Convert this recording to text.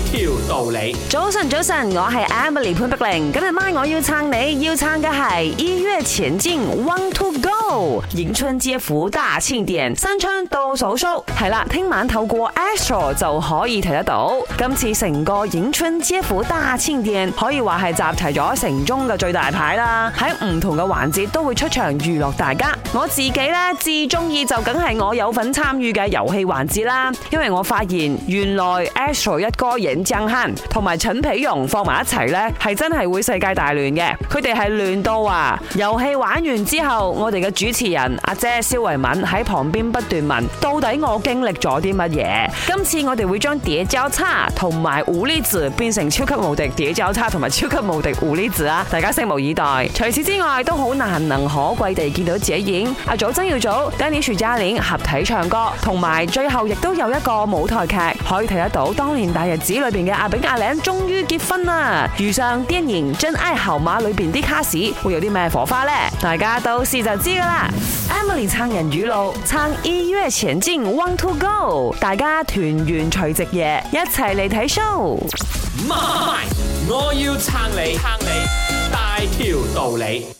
條道理。早晨，早晨，我係 Emily 潘碧玲。今日晚我要撐你，要撐嘅係《一躍前進，旺兔 GOLD！迎春接福大慶典》。新春到手數係啦。聽晚透過 Astro 就可以睇得到。今次成個迎春接福大慶典可以話係集齊咗城中嘅最大牌啦。喺唔同嘅環節都會出場娛樂大家。我自己呢，至中意就梗係我有份參與嘅遊戲環節啦，因為我發現原來 Astro 一哥。影張慳同埋陳皮容放埋一齊呢，係真係會世界大亂嘅。佢哋係亂到啊！遊戲玩完之後，我哋嘅主持人阿姐肖維敏喺旁邊不斷問：到底我經歷咗啲乜嘢？今次我哋會將 D 交叉同埋狐狸字變成超級無敵 D 交叉同埋超級無敵狐狸字啊！大家拭目以待。除此之外，都好難能可貴地見到自己影阿祖曾耀祖 Danny 合體唱歌，同埋最後亦都有一個舞台劇可以睇得到當年大日子。裏邊嘅阿炳阿靚終於結婚啦！遇上電影《真愛好嗎》裏邊啲卡士會有啲咩火花呢？大家到時就知噶啦。Emily 撐人語錄，撐一躍前進旺兔 GOLD！大家團圓除夕夜， 一齊嚟睇 show。我要撐你，撐你大條道理。